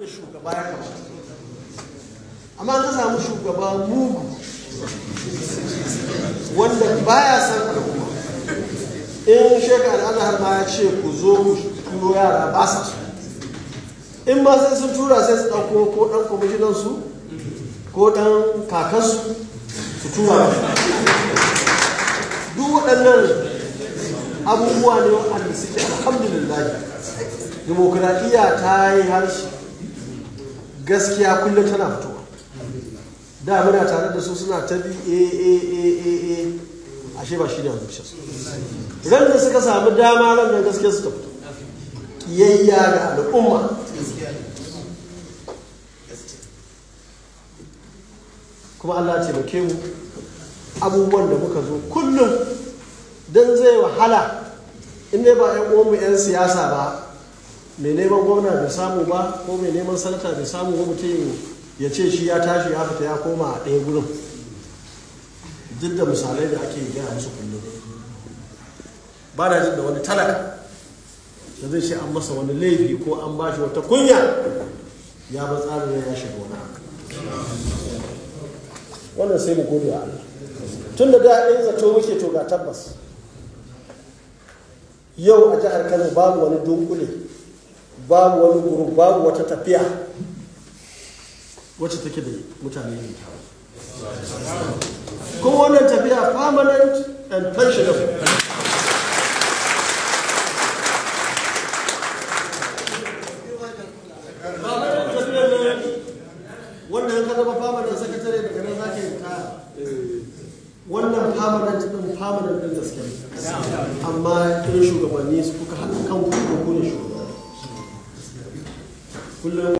da amma ka samu shugaba mugu wanda baya san ka kuma in shekaru azahar ma ya ce ku zo mu turo yara ba sa su in ba sai sun tura sai su ɗauko ko ɗan kwamishinansu ko ɗan kakansu su tura duk waɗannan abubuwa ne wanda suke alhamdulillah dimokuraɗiyya ta yi harshe gaskiya kullum tana fitowa da muna tare da su suna ta bi a a a a ashe ba shi ne a su suka sami dama nan da gaskiya su ta fito kiyayya da al'umma kuma Allah ce taimake mu abubuwan da muka zo kullum don zai wahala in ne ba 'yan uwanmu 'yan siyasa ba mai neman gwamna bai samu ba ko mai neman sanata bai samu ba mutum ya ce shi ya tashi ya fita ya koma a ɗaya gurin duk da misalai da ake gaya musu kullum ba na jin da wani talaka da zai ce an masa wani laifi ko an ba shi wata kunya ya ba tsarin ya shiga wani wannan sai mu gode wa tun da daɗin zato muke to ga tabbas yau a jihar kano babu wani dunkule babu wani guru babu wata tafiya wacce take da mutane yin ta kuma wannan tafiya permanent and pensionable wannan ka zama permanent secretary daga nan zaka yi ta wannan permanent din permanent din gaske amma in shugabanni su kuka haɗa kan ku ko ne shugaba 물론